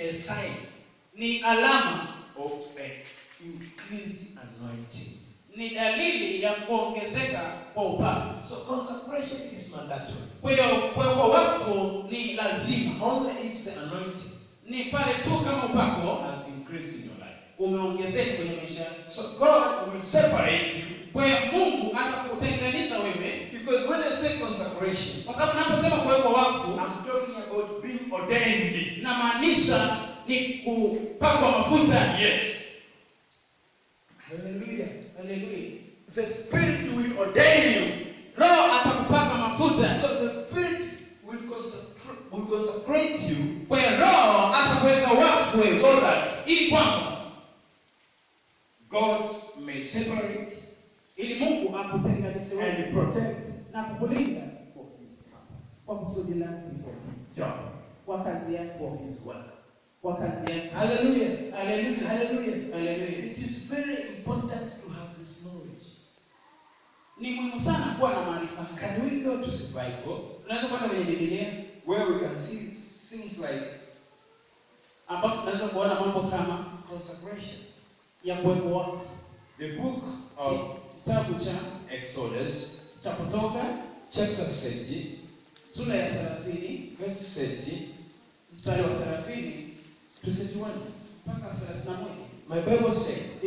a sign, ni alama of a increased anointing, ni dalili ya kuongezeka kwa upako. So consecration is mandatory. Kwa hiyo kuwekwa wakfu ni lazima, only if the anointing ni pale tu kama upako has increased in your life, umeongezeka kwenye maisha. So God will separate you. Kwa hiyo Mungu atakutenganisha wewe, because when I say consecration, kwa sababu naposema ni kupakwa mafuta. Yes. haleluya haleluya The spirit will ordain you. Roho atakupaka mafuta. So the spirit will consecrate, will consecrate you. Kwa Roho atakuweka wakfu wewe. So that ili kwamba God may separate ili Mungu akutenganishe wewe and protect na kukulinda kwa kusudi lake. Kwa kazi yake kwa his work kwa kazi yake. Haleluya. Haleluya. Haleluya. Haleluya. It is very important to have this knowledge. Ni muhimu sana kuwa na maarifa. Can we go to the Bible? Tunaweza kwenda kwenye Biblia. Where we can see things like ambapo tunaweza kuona mambo kama consecration ya kuwekwa wakfu. The book of kitabu cha Exodus cha Kutoka chapter 30 sura ya 30 verse 30 mstari wa 30 My Bible says,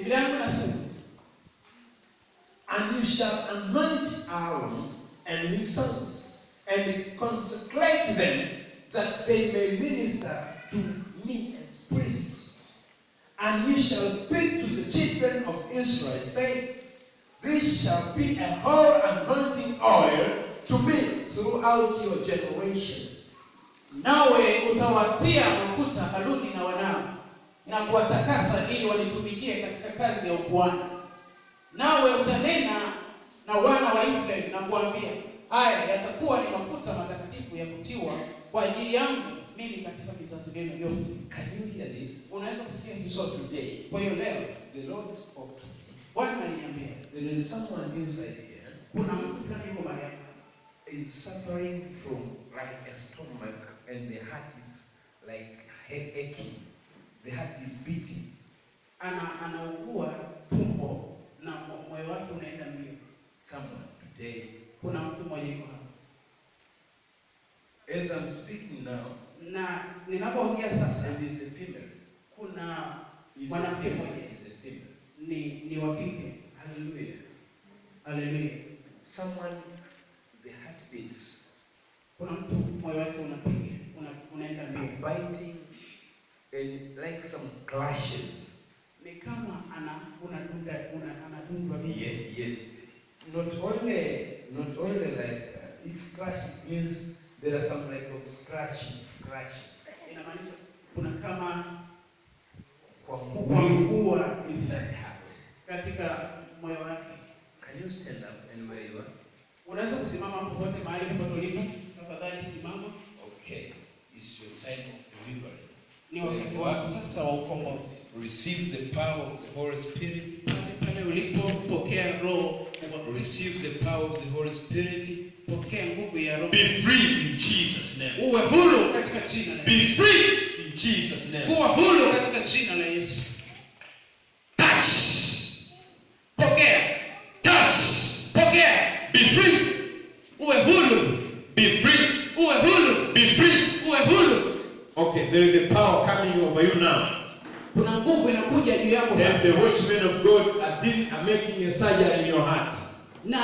And you shall anoint Aaron and his sons, and consecrate them that they may minister to me as priests. And you shall speak to the children of Israel, saying, This shall be a whole anointing oil to me throughout your generations. nawe utawatia mafuta Haruni na wanao na kuwatakasa ili walitumikie katika kazi ya ukuhani. Nawe utanena na wana wa Israeli na kuambia, haya yatakuwa ni mafuta matakatifu ya kutiwa kwa ajili yangu mimi katika vizazi vyenu vyote. Can you hear this? Unaweza kusikia So today. Kwa hiyo leo the Lord spoke to me. Bwana aliniambia. There is someone inside here. Kuna mtu fulani yuko mahali is suffering from like a stomach and the heart is like aching, the heart is beating. Ana anaugua tumbo na moyo wake unaenda mbio. Someone today, kuna mtu mmoja yuko hapa. As I'm speaking now, na ninapoongea sasa, and is a female. Kuna mwanamke mmoja is a female. Ni ni wa kike. Hallelujah. Hallelujah. Someone the heart beats. Kuna mtu moyo wake una clashes. Ni kama ana unadunda una, anadundwa vile. Yes, yes. Not only not only like uh, it's clash it means there are some like of scratch scratch. Inamaanisha kuna kama kwa kuangua is heart katika moyo wake. Can you stand up and where you are? Unaweza kusimama popote mahali popote ulipo. Tafadhali simama. Okay. It's your time of delivery ni wakati wako sasa wa ukombozi. Receive the power of the Holy Spirit. Pale ulipopokea roho Receive the power of the Holy Spirit. Pokea nguvu ya roho. Be free in Jesus name. Uwe huru katika jina la Be free in Jesus name. Uwe huru katika jina la Yesu. Touch. Pokea. Touch. Pokea. Be free. Uwe huru. Be free. Uwe huru. Be free. Okay, there is a power coming over you now. Kuna nguvu inakuja juu yako sasa. The watchmen of God are did, are making a surgery in your heart. Na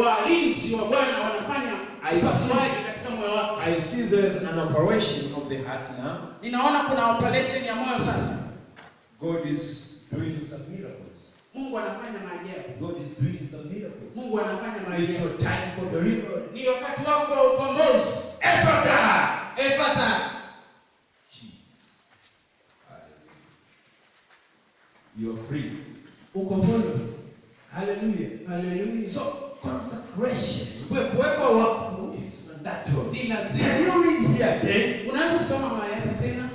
walinzi wa Bwana wanafanya upasuaji katika moyo wako. I see there is an operation of the heart now. Ninaona kuna operation ya moyo sasa. God is doing some miracles. Mungu anafanya maajabu. God is doing some miracles. Mungu anafanya maajabu. It's your time for deliverance. Ni wakati wako wa ukombozi. So consecration. Kuwekwa wakfu is mandatory. Ni lazima. Can you read here again? Unaweza kusoma mahali hapa tena.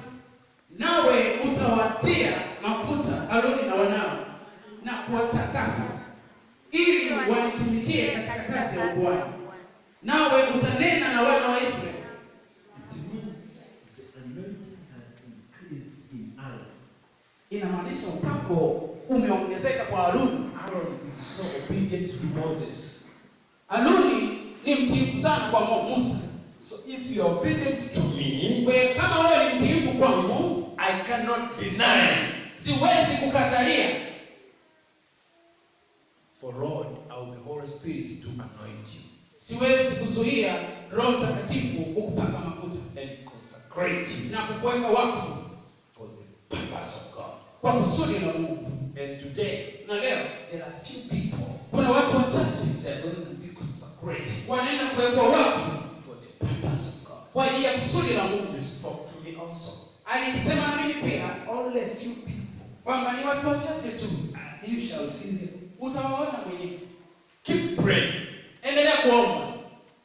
Nawe utawatia mafuta Aroni na wanao na kuwatakasa ili wanitumikie katika kazi ya ukuhani. Nawe utanena na wana wa Israeli. Inamaanisha upako umeongezeka kwa Haruni. Aaron is so obedient to Moses. Haruni ni mtiifu sana kwa Musa. So if you are obedient to me, we kama wewe ni mtiifu kwangu, I cannot deny. Siwezi kukatalia. For Lord, I will the Holy Spirit to anoint you. Siwezi kuzuia Roho Mtakatifu kukupaka mafuta and consecrate you. Na kukuweka wakfu for the purpose of God kwa kusudi la Mungu. And today, na leo there are few people, kuna watu wachache that are going to be consecrated, wanaenda kuwekwa wakfu for the purpose of God, kwa ajili ya kusudi la Mungu. He spoke to me also, alisema mimi pia, only few people, kwamba ni watu wachache tu. Ah, you shall see them, utawaona mwenyewe. Keep praying, endelea kuomba.